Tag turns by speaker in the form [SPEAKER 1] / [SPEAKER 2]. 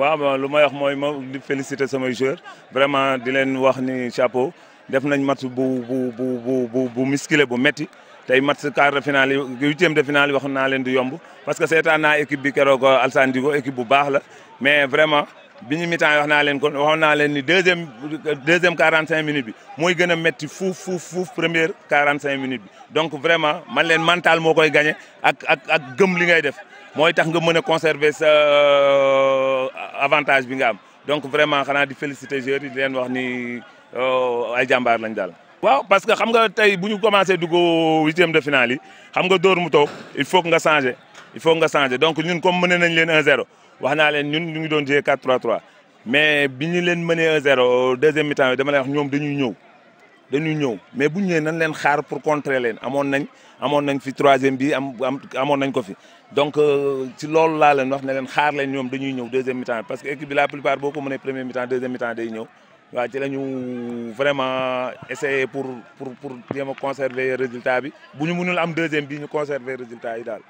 [SPEAKER 1] waaw lu ma wax mooy ma di féliciter samay joueurs vraiment di leen wax ni chapeau def nañ match bu bu bu bu bu musclé bu métti tey mat quart de finale yi huitième de finale yi waxoon naa leen du yomb parce que seetaan na équipe bi keroog euh, Alsane Digo équipe bu baax la mais vraiment bi ñu mi-temps naa leen kon waxoon naa leen ni deuxième deuxième quarante cinq minutes bi mooy gën a métti fuuf fuuf fuuf première quarante cinq minutes bi donc vraiment man leen mental moo koy gagné ak ak ak li ngay def mooy tax nga mën a conserver euh, avantage bi nga am donc vraiment xanaa di féliciter joueurs yi di leen wax ni oh, ay jàmbaar lañ daal. waaw parce que xam nga tey bu ñu commencé dugg huitième de finale yi xam nga dóor mu toog il faut nga changer il faut nga changer donc ñun comme mëne nañ leen 1-0 wax naa leen ñun ñu ngi doon jouer 4-3-3 mais bi ñu leen mënee 1-0 deuxième mi-temps bi dama lay wax ñoom dañuy ñëw. dañuy ñëw mais bu ñëwee nañ leen xaar pour contrer leen amoon nañ amoon nañ fi troisième bi am amoon nañ ko fi donc euh, ci loolu laa leen wax ne leen xaar leen ñoom dañuy ñëw deuxième mi-temps parce que équipe bi la plupart boo ko mënee premier mi-temps deuxième mi-temps ñëw waaw ci la vraiment essayer pour pour pour jéem a conserver résultat bi bu ñu mënul am deuxième bi ñu conserver résultat yi daal.